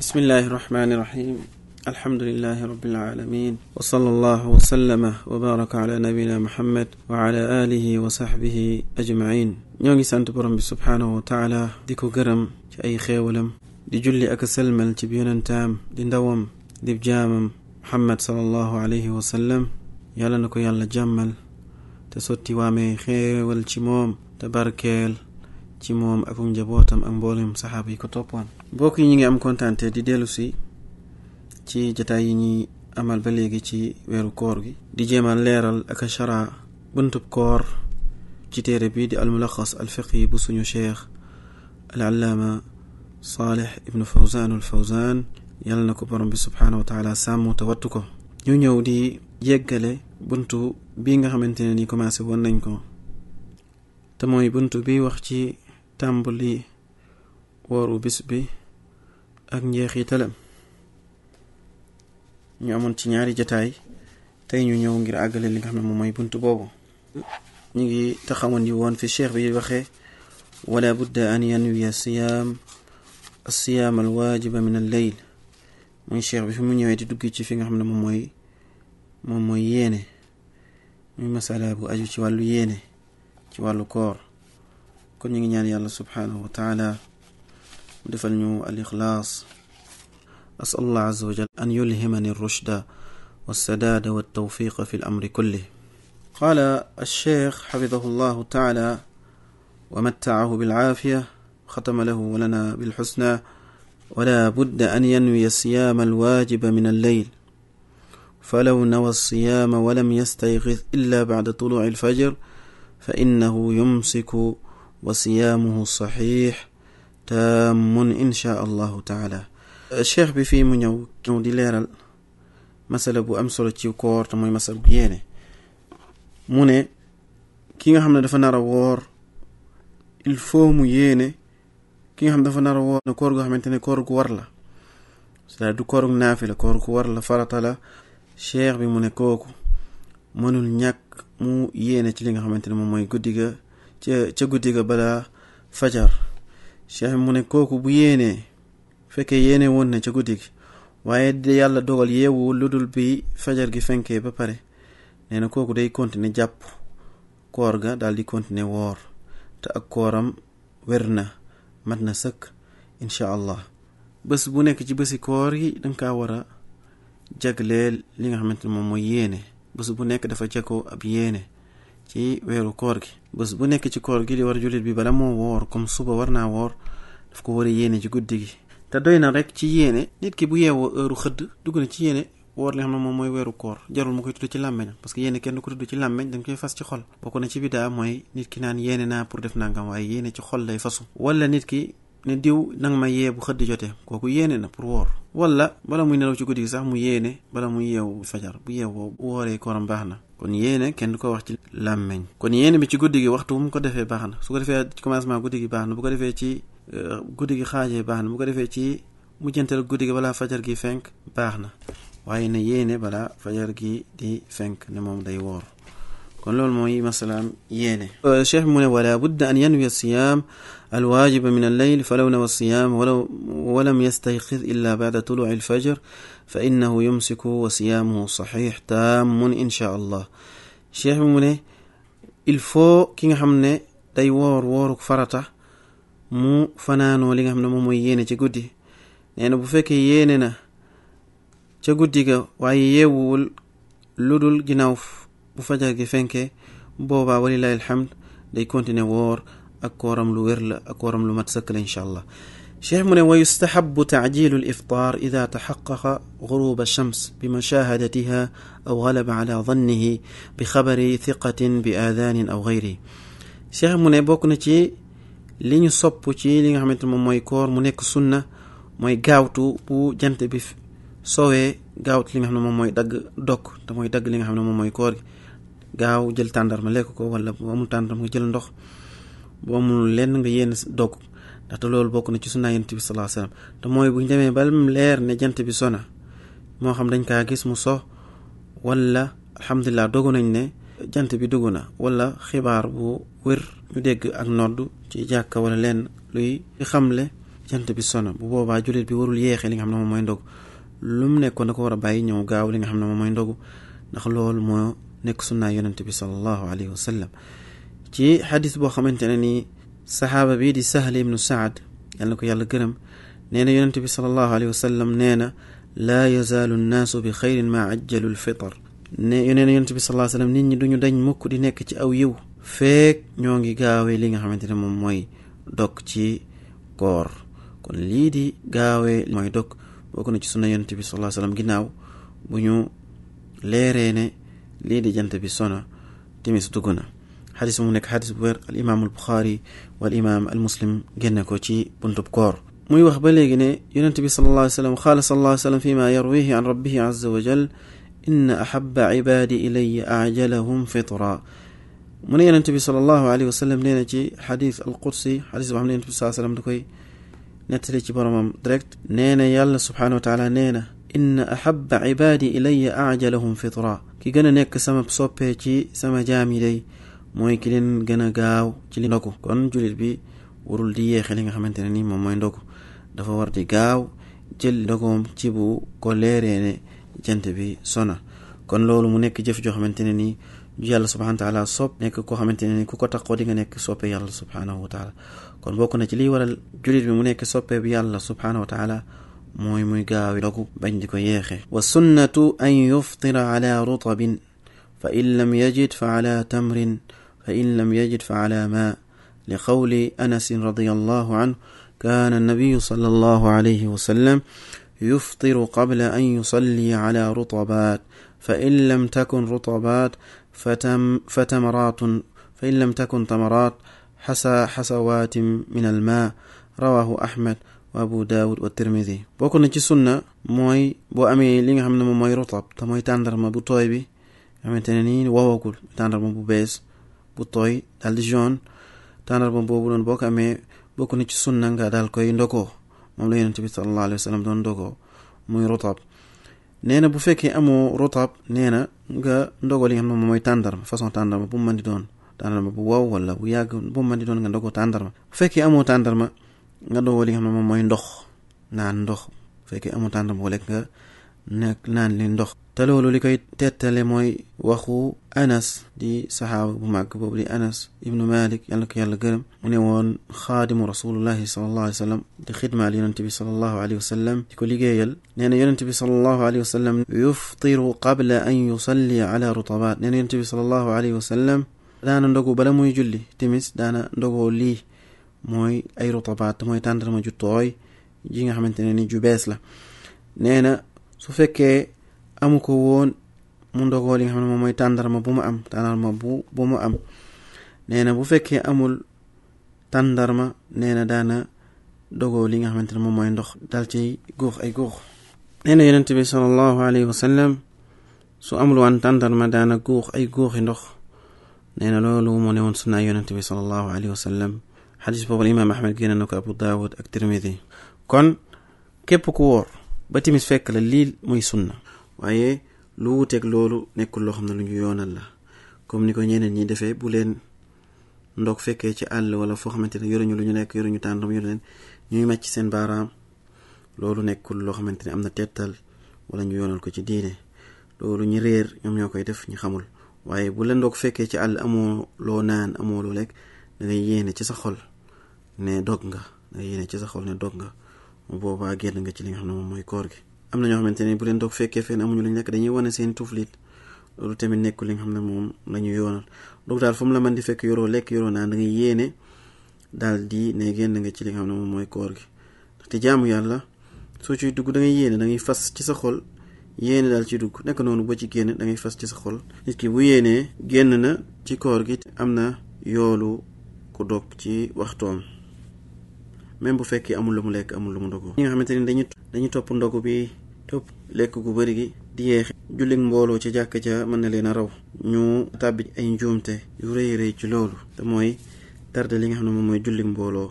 بسم الله الرحمن الرحيم الحمد لله رب العالمين وصلى الله وسلم وبارك على نبينا محمد وعلى آله وصحبه أجمعين نيوغي سانت برم سبحانه وتعالى ديكو غرم أي خيولم دي جلي أكسلم التبيون تام دي ندوم دي بجام محمد صلى الله عليه وسلم يالا نكو يالا جمل تسوتي وامي خيول تباركيل تموم أفهم جبوتم أنبولم صحابي كتوبون mbokk yi ñu ngi am kontante di dellusi ci jataay yi ñuy amal ba léegi ci weeru koor gi di jéemaan leeral ak shara buntub koor ci téere bi di almulaxas alfiqi bu suñu cheikh al allaama saalih ibnu fawzaan al fawzaan na ko borom bi subhaanahu wa taala sàmm te wattu ko ñu ñëw di yeggale buntu bi nga xamante ne ni commencé woon nañ ko te mooy buntu bi wax ci tàmbali wooru bis bi ak njeexitalam ñu amoon ci ñaari jataay tey ñu ñëw ngir àggale li nga xam ne moom mooy bunt boobu ñu ngi taxawoon di woon fi cheikh bi waxee wala budda an yanwiya siyaam asiyaam alwaajiba min al leyl muy cheikh bi fi mu ñëwee di dugg ci fi nga xam ne moom mooy moom mooy yéene muy masala bu aju ci wàllu yéene ci wàllu koor kon ñu ngi ñaan yàlla subhaanahu wa mu الإخلاص أسأل الله عز وجل أن يلهمني الرشد والسداد والتوفيق في الأمر كله قال الشيخ حفظه الله تعالى ومتعه بالعافية ختم له ولنا بالحسنى ولا بد أن ينوي صيام الواجب من الليل فلو نوى الصيام ولم يستيقظ إلا بعد طلوع الفجر فإنه يمسك وصيامه صحيح تام إن شاء الله taala cheikh bi fii mu ñëw ñëw di leeral masala bu am solo ci koor te mooy masala bu yéene mu ne ki nga xam ne dafa nar a woor il faut mu yéene ki nga xam ne dafa nar a woor ne koor goo xamante ne koor gu war la c'est-à-dire du koor gu naafi la koor gu war la farata la cheikh bi mu ne kooku mënul ñàkk mu yéene ci li nga xamante ne moom mooy guddi ga ca ca guddi ga balaa fajar cheikh bi mu ne kooku bu yéenee fekkee yéene woon na ca guddi gi waaye de yàlla dogal yeewu lu dul bi fajar gi fenkee ba pare nee na kooku day continuer jàpp koor ga daal di continuer woor te ak kooram wér na mat na sëkk incha allah bés bu nekk ci bési koor yi danga kaa war a jagleel li nga xamante ne moom mooy yéene bés bu nekk dafa jagoo ab yéene ci weeru koor gi bés bu nekk ci koor gi li war jullit bi bala moo woor comme suba war naa woor daf ko war a yéene ci guddi gi te doy na rek ci yéene nit ki bu yeewoo heure xëdd dugg na ci yéene woor li xam ne moom mooy weeru koor jarul mu koy tudd ci làmmeñam parce que kenn du ko tudd ci làmmeñ dañ koy fas ci xol bokk na ci bidaa mooy nit ki naan yéene naa pour def nangam waaye yéene ci xol lay fasu wala nit ki ne diw nanga ma yee bu xëdd jotee kooku yéene na pour woor wala bala muy nelaw ci guddi gi sax mu yéene bala muy yeewu fajar bu yeewoo wooree kooram baax na kon yéene kenn du ko wax ci làmmeñ kon yéene bi ci guddi gi waxtu bu mu ko defee baax na su ko defee ci commencement guddi gi baax ko defee ci euh, guddi gi xaajee baax na bu ko defee ci mujjantal guddi gi balaa fajar gi fenk baax na waaye ne yéene balaa fajar gi di fenk ne moom day woor كل المي مثلا ياني الشيخ أه، منى ولا بد أن ينوي الصيام الواجب من الليل فلو نوى الصيام ولو ولم يستيقظ إلا بعد طلوع الفجر فإنه يمسك وصيامه صحيح تام إن شاء الله الشيخ منى الفو كي ki داي xam ne day مو فنانو farata mu مو li nga xam ne moom mooy yéene ci guddi nee na bu ɗo fajagge fenke boba walillahi alhamd dey continue woor ak kooram lu wér la ak kooram lu mat sëkk la incha allah cheikh mu ne wa yustahabu taajilu aliftar ida taxaqaqa غروب الشمس بمشاهدتها أو غلب على ظنه بخبر ثقة بآذان أو غيره cheikh mu ne bokk na ci li ñu sopp ci li nga xamante moom mooy koor mu nekk sunna mooy gaawtu bu jant bi soowee gaawtu li nga xam ne moom mooy dagg dokk te mooy dagg li nga xam ne moom mooy koor gi gaaw jël tàndarma lekk ko wala bu amul tàndarma nga jël ndox bu amul lenn nga yéen dogg ndaxte loolu bokk na ci sunna yent bi salaa te mooy bu ñu demee ba leer ne jant bi sona moo xam dañ kaa gis mu so wala alhamdulilah dogu nañ ne jant bi dugg na wala xibaar bu wér ñu dégg ak nodd ci jàkka wala lenn luy xamle jant bi sona bu boobaa jullit bi warul yeexee li nga xam ne moom mooy ndog lu mu nekkoon da ko war a bàyyi ñëw gaaw li nga xam ne moom mooy moo nekk sunna yonent bi sallallahu alayhi wa sallam ci xadis boo xamantene ni saxaaba bi di sahl ibnu saad yàlla ko yàlla gërëm nee na yonent bi sallallahu alayhi wa sallam nee na laa yazaalu nnaasu bi xayrin maa ajjalu lfitar ne nee na yonent bi sallallahu alayhi wa sallam nit ñi duñu dañ mukk di nekk ci aw yiw feek ñoo ngi gaawee li nga xamantene ne moom mooy dog ci koor kon lii di gaawee mooy dog bokk na ci sunna yonent bi sallallahu alayhi wa sallam ginnaaw bu ñu leeree ne li ليدي جنت بسنة تمس تقنا حديث منك حديث بير الإمام البخاري والإمام المسلم جنة كوتشي بنت بكور muy wax ba léegi ne yonent bi sal allah sallam qaala sal allah sallam fi ma yarwihi an rabbihi aza wajal inna axaba cibaadi ilaya acjalahum fitra mu ne yonent bi sal allahu alayhi wasallam nee na ci xadis alqudsi xadis boo xam ne yonent bi saa sallam da koy nettali ci boromam direct nee na yàlla subxaanahu wa taala nee na إن أحب عبادي إلي أعجلهم فطرة كي جنا نك سما بسوبيجي سما جامدي موي كلين جنا جاو كلين لكو كون جلبي بي ورول دي خلينا خمن تاني ما موين لكو دفع وردي جاو جل لكم تبو كليرين جنتبي سنة كون لول منك جف جو خمن تاني yalla subhanahu wa ta'ala صوب nek ko xamanteni ni ku ko takko di nga nek sopé yalla subhanahu wa ta'ala kon bokku na ci li waral julit bi موي موي قاوي لكو بنجكو ياخي والسنة أن يفطر على رطب فإن لم يجد فعلى تمر فإن لم يجد فعلى ماء لقول أنس رضي الله عنه كان النبي صلى الله عليه وسلم يفطر قبل أن يصلي على رطبات فإن لم تكن رطبات فتم فتمرات فإن لم تكن تمرات حسى حسوات من الماء رواه أحمد وابو داود والترمذي بوكو نتي سنة موي بو امي لي نغا خامن موي رطب تا موي تاندر ما بو توي بي امي تنانين واو بو بيس بو توي دال دي جون تاندر ما بو بو بوكو امي بوكو نتي سنة نغا دال كوي ندوكو موم لا يونتبي صلى الله عليه وسلم دون دوكو موي رطب نينا بو فيكي امو رطب نينا نغا ندوكو لي خامن موي تاندر فاصون تاندر ما بو ماندي دون تاندر ما بو واو ولا بو ياغ بو ماندي دون نغا ندوكو تاندر فيكي امو تاندر nga doog li nga xam ne moom mooy ndox naan ndox bu fekkee amu tànn bu lekk nga nekk naan li ndox te loolu li koy tettale mooy waxu anas di saxaaba bu màgg boobu di anas ibnu malik yàlla ko yàlla gërëm mu ne woon xaadimu rasulullahi salallahu alayhi wasallam sallam di xidmaal yonente bi salallahu alayhi wasallam di ko liggéeyal nee na yonente bi salallahu alayhi wasallam yuftiru qabla an yusalli ala rutabat nee na yonente bi salallahu alayhi wasallam sallam daana ndogu bala muy julli timis daana ndogoo lii mooy ay rotabaat mooy tàndarma ju tooy ji nga xamantene ni ju bees la nee na su fekkee amu ko woon mu ndogoo li nga xam ne moom mooy tàndarma bu mu am tàndarma bu bu mu am nee na bu fekkee amul tàndarma nee na daana dogoo li nga xamante ne moom mooy ndox dal ci góox ay góox nee na yonent bi sallallahu alayhi wasallam su amul waan tàndarma daana góox ay góoxi ndox nee na loolu moo ne woon sunnaa yonent bi sallallahu alayhi wasallam xadiis boobu imaam ahmed génn na ko abu daawud ak tirmidi kon képp ku wóor ba timis fekk la lii muy sunna waaye lu wuuteeg loolu nekkul loo xam ne lu ñu yoonal la comme ni ko ñeneen ñi defee bu leen ndox fekkee ci àll wala foo xamante ne yoruñu lu ñu lekk yoruñu tàndam yoru leen ñuy màcc seen baaraam loolu nekkul loo xamante ne am na tettal wala ñu yoonal ko ci diine loolu ñi réer ñoom ñoo koy def ñi xamul waaye bu leen ndox fekkee ci àll amoo loo naan amoo loo lekk da ngay yéene ci sa xol ne dog nga nga yéene ci sa xol ne dog nga bu boobaa génn nga ci li nga xam ne moom mooy koor gi am na ñoo ne bu leen dog fekkee fenn amuñu lu ñu lekk dañuy wane seen loolu tamit nekkul li nga xam ne moom la ñu yoonal dog daal fu mu la mën fekk yoroo lekk yoroo naan da nga yéene daal di ne génn nga ci li xam ne moom mooy koor gi ndaxte jaamu yàlla soo ciy dugg da ngay yéene da ngay fas ci sa xol yéene daal ci dugg nekk noonu boo ci génn da ngay fas ci sa xol nit ki bu yéenee génn na ci koor gi am na yoolu ku dog ci waxtoom même bu fekkee amul lu mu lekk amul lu mu ndogu nga xamante ni dañu dañu topp ndogu bi topp lekk gu bëri gi di yeexe jullit mbooloo ca jàkk ja mën na leen a raw ñu ay njuumte ci loolu te mooy tarde li nga xam ne moom mooy jullit mbooloo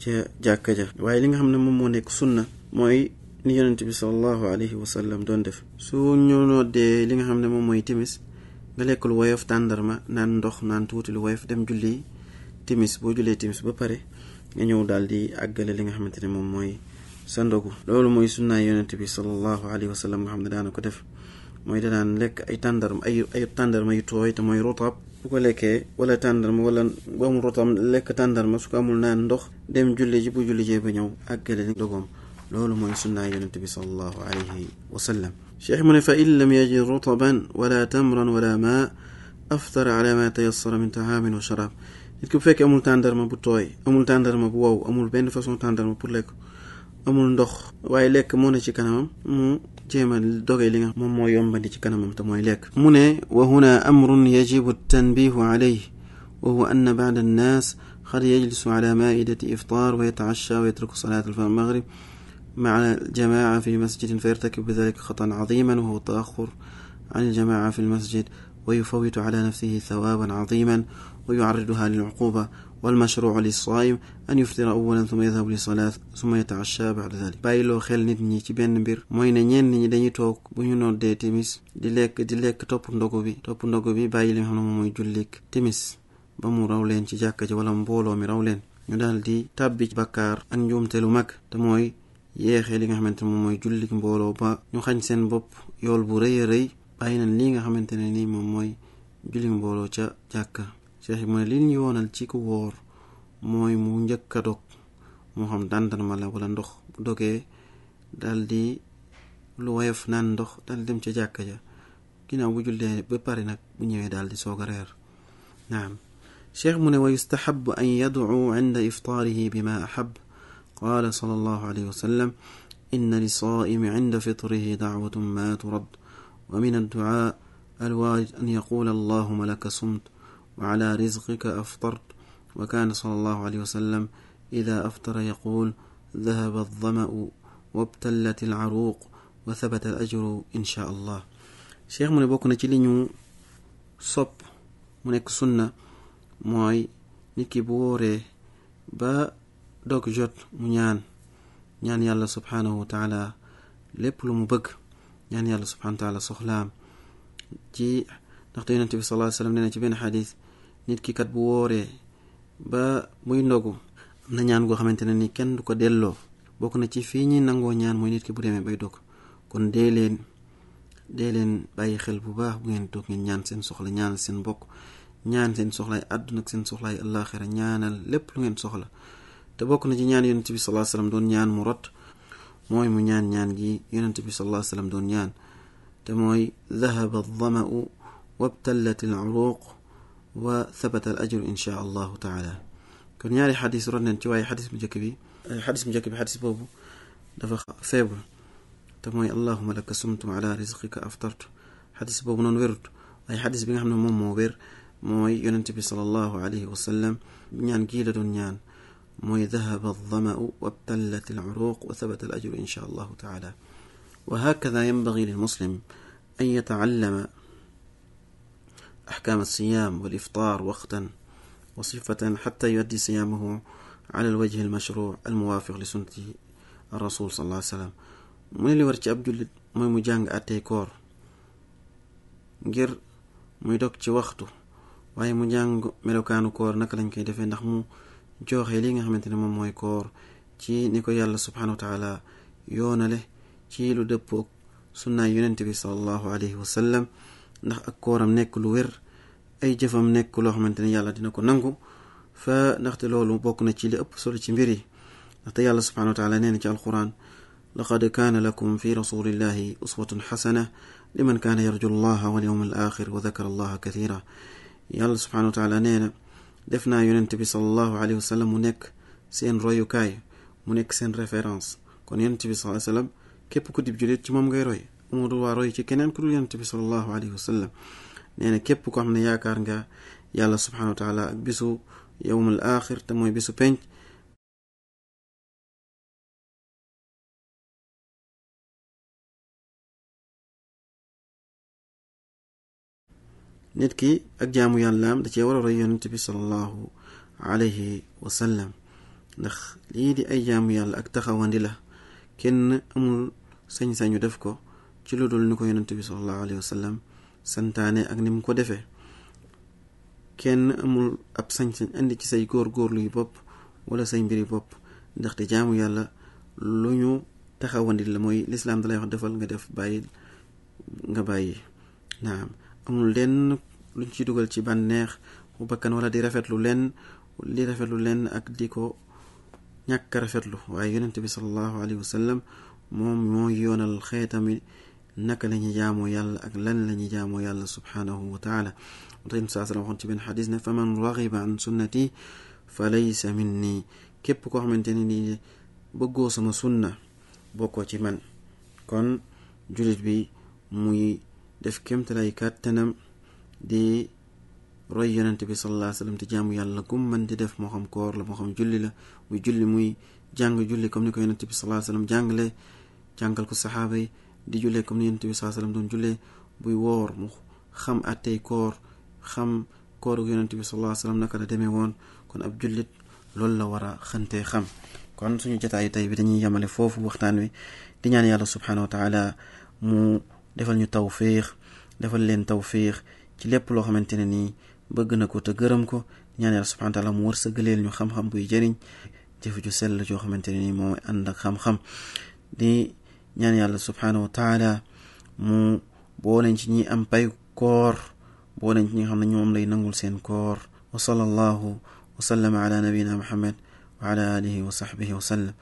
ca jàkk ja waaye li nga xam ne moom moo nekk sunna mooy ni yonent bi sallallahu alayhi wa doon def su ñu noddee li nga xam ne moom mooy timis nga lekk lu woyof tàndarma naan ndox naan tuuti lu woyof dem julli timis boo jullee timis ba pare nga ñëw dal di àggale li nga xamante ne moom mooy sa ndogu loolu mooy sunnaay yonent bi sallallahu alayhi wa sallam nga xam ne daana ko def mooy da daan lekk ay tàndarma ay ay tàndarma yu tooy te mooy rotab bu ko lekkee wala tàndarma wala bu amul rotam lekk tàndarma su ko amul naan ndox dem julli ji bu julli jee ba ñëw àggale li ndogoom loolu mooy sunnaay yonent bi sallallahu alayhi wa sallam cheikh mu ne fa in lam yajid rutaban wala tamran wala maa aftara ala ma tayassara min taamin wa sharab nit ki bu fekkee amul tàndarma bu tooy amul tàndarma bu wow amul benn façon tàndarma pour lekk amul ndox waaye lekk moo ne ci kanamam mu jéem a doge li nga moom moo yombandi ci kanamam te mooy lekk mu ne wa huna amrun yajibu tanbihu alayh wa huwa anna baada an-nas qad yajlisu ala ma'idati iftar wa yata'asha wa yatruku salat al-maghrib مع الجماعة في مسجد فيرتكب بذلك خطأ عظيما وهو التأخر عن الجماعة في المسجد ويفوت على نفسه ثوابا عظيما ويعرضها للعقوبة والمشروع للصائم أن يفطر أولا ثم يذهب للصلاة ثم يتعشى بعد ذلك بايلو خيل نيت ني تي بن بير موي ني نين ني داني توك بو ني نود دي تيميس دي ليك دي ليك توب ندوغو بي توب ندوغو بي بايلي خنو موي جوليك تيميس بامو راولين تي جاكا جي ولا مبولو مي راولين ني دال دي تابيج بكار ان نيوم تيلو ماك تا موي ييخي ليغا خمانت موي جوليك مبولو با ني خاج سين بوب يول بو ري ري li nga xamantene ni mo moy julli mbooloo ca jàkka cheikh mu ne li ñu yoonal ci ko woor mooy mu njëkk a dog moo xam dàndarma la wala ndox bu dogee dal di lu woyof naan ndox dal dem ca jàkka ja ginnaaw bu jullee ba pare nag bu ñëwee daal di soog a reer naam cheikh mu ne wa yustaxab an yadcuu cinda iftaarihi bima ahab qaala sal allahu alayhi wasallam inna lisaa'imi cinda fitrihi dacwatun ma turad ومن الدعاء الواجد أن يقول اللهم لك صمت وعلى رزقك أفطرت وكان صلى الله عليه وسلم إذا أفطر يقول ذهب الظمأ وابتلت العروق وثبت الأجر إن شاء الله شيخ من ne bokk صب ci li ñu sopp بوري با دوك جوت منيان نيان يالله سبحانه وتعالى لبلو مبكر ñaan yàlla subhaanahu wa taala soxlaam ci ndaxte yonente bi sallallahu alayhi wa sallam nee na ci benn xadis nit ki kat bu wooree ba muy ndogu am na ñaan goo xamante ne ni kenn du ko delloo bokk na ci fii ñi nangoo ñaan mooy nit ki bu demee bay dog kon dee leen dee leen bàyyi xel bu baax bu ngeen toog ngeen ñaan seen soxla ñaanal seen mbokk ñaan seen soxlaay àdduna ak seen soxlaay àllaaxira ñaanal lépp lu ngeen soxla te bokk na ci ñaan yonente bi sallallahu alayhi wa sallam doon ñaan mu rot موي مونيان نيان جي يننت بي صلى الله عليه وسلم دونيان تموي ذهب الظمأ وابتلت العروق وثبت الأجر إن شاء الله تعالى كن ياري حديث رنا انت واي حديث مجكبي حديث مجكبي حديث بوبو دفخ فيبر تموي اللهم لك سمت على رزقك أفطرت حديث بوبو نون ويرت أي حديث بيغامنا مو موير موي يننت بي صلى الله عليه وسلم نيان جي لدون نيان ذهب الظمأ وابتلت العروق وثبت الأجر إن شاء الله تعالى وهكذا ينبغي للمسلم أن يتعلم أحكام الصيام والإفطار وقتا وصفة حتى يؤدي صيامه على الوجه المشروع الموافق لسنة الرسول صلى الله عليه وسلم من اللي ورش أبدو مي مجانج أتي كور غير مي àttee koor ngir muy dog ci waxtu waaye mu jàng joxe li nga xamante ne moom mooy koor ci ni ko yàlla subhaanahu wa taala yoonale ci lu dëppoog sunnaay yonent bi salallahu alayhi wa sallam ndax ak kooram nekk lu wér ay jëfam nekk loo xamante ne yàlla dina ko nangu fa ndaxte loolu bokk na ci li ëpp solo ci mbir yi ndaxte yàlla subhaanahu wa taala nee na ci alquran laqad kaana lakum fi rasulillahi uswatun xasana liman kaana yarju allaha walyawma al axir wa dakara allaha kathira yàlla subhaanahu wa defna naa yonent bi sallallahu alayhi wa sallam mu nekk seen royukaay mu nekk seen référence kon yonent bi sallallahu alayhi wa sallam képp ku dib julit ci moom ngay roy amul waa roy ci keneen ku dul yonent bi sallallahu alayhi wa sallam nee na képp ko xam ne yaakaar nga yàlla subhanahu wa taala ak bisu yowmal axir te mooy bisu penc nit ki ak jaamu yàllaam da cee war a roy yonent bi sallallahu alayhi wa ndax lii di ay jaamu yàlla ak taxawandi la kenn amul sañ-sañu def ko ci lu dul ni ko yonent bi sallallahu alayhi wa santaane ak ni mu ko defee kenn amul ab sañ-sañ indi ci say góor-góorlu yu bopp wala say mbiri bopp ndaxte jaamu yàlla lu ñu taxawandi la mooy lislaam dalay wax defal nga def bàyyi nga bàyyi naam amul lenn luñ ci dugal ci bànneex bu bakkan wala di rafetlu lenn li rafetlu lenn ak di ko ñàkk rafetlu waaye yonent bi salallahu alayhi wa sallam moom moo yoonal xeetami naka la ñu jaamoo yàlla ak lan la ñu jaamoo yàlla subhanahu wa taala moo tax saa sallam waxoon ci benn xadis ne faman raxiba an sunnati fa laysa minni képp koo xamante ne nii bëggoo sama sunna bokkoo ci man kon julit bi muy def kéemtalay kàttanam di roy yonent bi sallallahu alayhi wa sallam te jaamu yàlla gum mën di def moo xam koor la moo xam julli la muy julli muy jàng julli comme ni ko yonent bi sallallahu alayhi wa sallam jàngale jàngal ko saxaaba yi di jullee comme ni yonent bi sallallahu alayhi wa sallam buy woor mu xam attey koor xam koor bi sallallahu alayhi naka demee woon kon ab jullit loolu la war a xantee xam kon suñu jataayu tey bi dañuy yemale foofu waxtaan wi di ñaan yàlla subhaanahu wa mu defal ñu tawfiq defal leen tawfiq ci lépp loo xamante ni bëgg na ko te gërëm ko ñaan yàlla subhana taala mu wërsëgaleel ñu xam-xam buy jëriñ jëf ju sell joo xamante ni nii moo ànd ak xam-xam di ñaan yàlla subhanahu wa taala mu leen ci ñi am pay koor leen ci ñi xam ne ñoom lay nangul seen koor wa sallallahu wa sallama ala nabiyina muhammad wa ala alihi wa sahbihi wa sallam